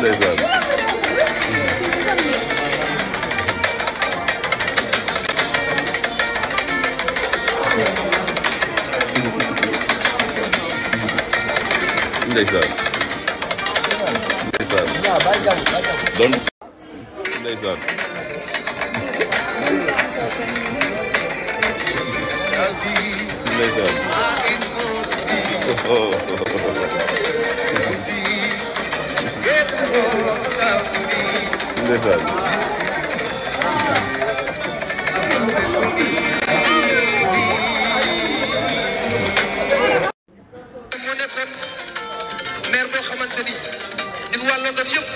ndeysaan ndeysaan ndeysaan doon ndeysaan ndeysaan detalles. moo nekkoon maire boo xamante ni ñun waa London yëpp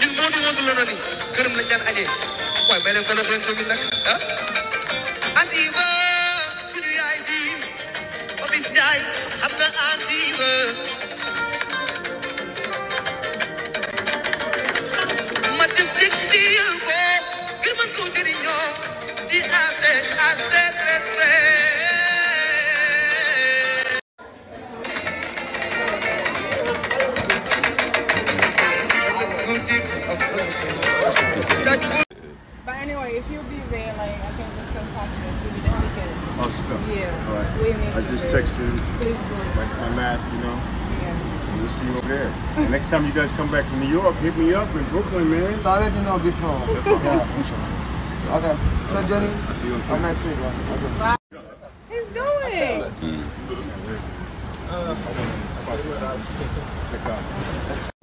ñun moo di woon London yi këram lañ daan añee waaye may leen ko def ren tamit nag ah saying like I can just come talk to you, give you the ticket. Oh, she come. Yeah. All right. We'll meet I just texted him. Please do. Like my math, you know. Yeah. We'll see you over there. next time you guys come back to New York, hit me up in Brooklyn, man. Sorry, you know, different. yeah. Okay. So Jenny, I'll see you on Tuesday. Nice okay. Bye. He's going.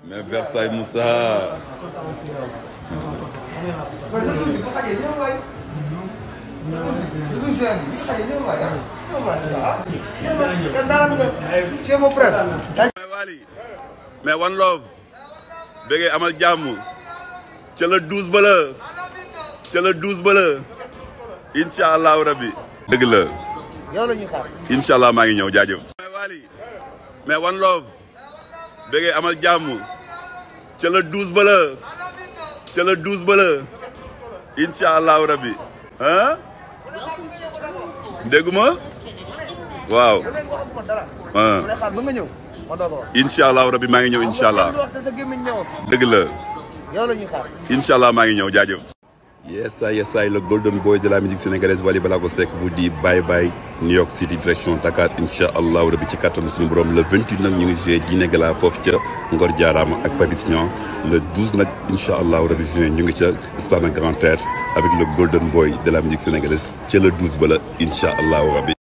Mais Versailles Moussa. Luiz Jânio, isso aí mais one love bëggee amal jàmm ca la douze ba la ca la douze ba la incha allahu rabbi dëgg la yow la ñuy allah maa ngi ñëw jaajo jaajëf Wally mais one love bëggee amal jàmm ca la douze ba la ca la douze ba la incha rabbi ah dégguma waaw. Ah. incha allah rabi maa ngi ñëw incha allah. dëgg la. incha maa ngi ñëw jaajëf. Yes, I, yes, I, le golden boy de la musique sénégalaise Wally Ballago Seck vous dit bye bye New York City direction Dakar incha allah ci kàttanu suñu borom le nag ñu ngi joué Djiné Gala foofu ca Ngor ak Papis Niang le nag incha allah rabi juin ñu ngi ca Esplanade Grand Théâtre avec le Golden Boy de la musique sénégalaise ca le 12 bala incha allahu rabbi